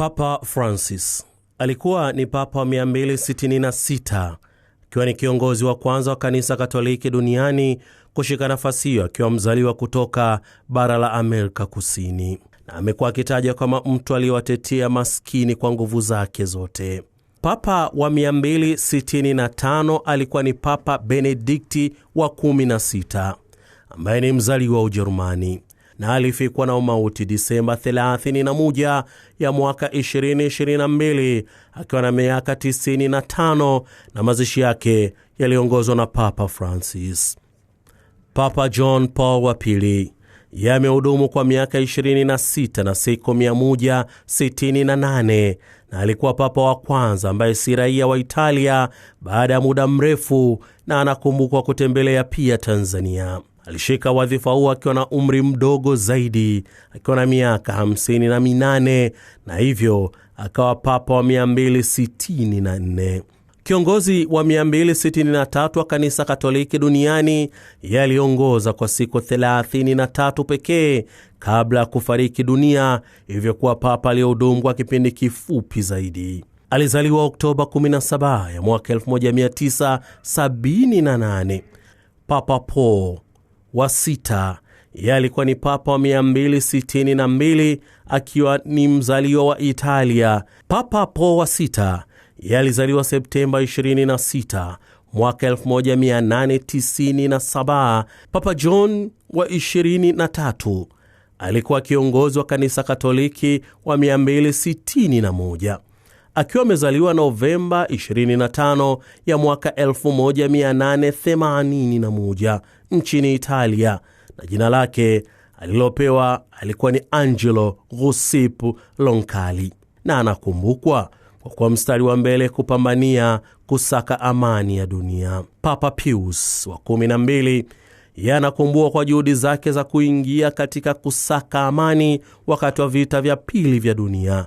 Papa Francis alikuwa ni papa wa 266 akiwa ni kiongozi wa kwanza wa kanisa Katoliki duniani kushika nafasi hiyo akiwa mzaliwa kutoka bara la Amerika Kusini, na amekuwa akitajwa kama mtu aliyewatetea maskini kwa nguvu zake zote. Papa wa 265 alikuwa ni Papa Benedikti wa 16 ambaye ni mzaliwa wa Ujerumani na alifikwa na umauti Disemba 31 ya mwaka 2022 akiwa na miaka 95, na mazishi yake yaliongozwa na Papa Francis. Papa John Paul wa pili yamehudumu kwa miaka 26 na siku 168 na alikuwa papa wa kwanza ambaye si raia wa Italia baada ya muda mrefu, na anakumbukwa kutembelea pia Tanzania. Alishika wadhifa huo akiwa na umri mdogo zaidi, akiwa na miaka hamsini na minane na hivyo akawa papa wa 264. Kiongozi wa 263 wa kanisa Katoliki duniani, yeye aliongoza kwa siku 33 pekee kabla ya kufariki dunia, hivyo kuwa papa aliyehudumu kwa kipindi kifupi zaidi. Alizaliwa Oktoba 17 ya mwaka 1978. Papa Paul wa sita. Yeye alikuwa ni papa wa 262 akiwa ni mzaliwa wa Italia. Papa Po wa sita yeye alizaliwa Septemba 26 mwaka 1897. Papa John wa 23 alikuwa kiongozi wa kanisa Katoliki wa 261 akiwa amezaliwa Novemba 25 ya mwaka 1881 nchini Italia, na jina lake alilopewa alikuwa ni Angelo Giuseppe lonkali na anakumbukwa kwa kuwa mstari wa mbele kupambania kusaka amani ya dunia. Papa Pius wa 12 yeye anakumbukwa kwa juhudi zake za kuingia katika kusaka amani wakati wa vita vya pili vya dunia.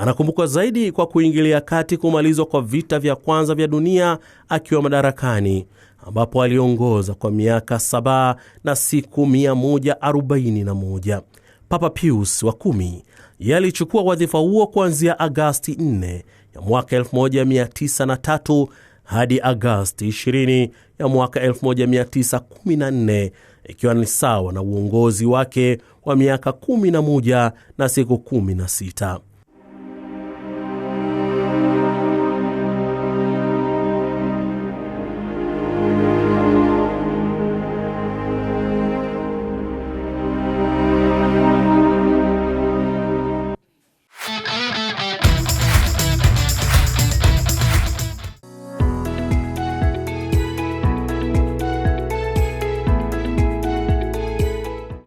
Anakumbukwa zaidi kwa kuingilia kati kumalizwa kwa vita vya kwanza vya dunia akiwa madarakani, ambapo aliongoza kwa miaka saba na siku 141. Papa Pius wa kumi ye alichukua wadhifa huo kuanzia Agasti 4 ya mwaka 1903 hadi Agasti 20 ya mwaka 1914 ikiwa ni sawa na uongozi wake wa miaka 11 na siku 16.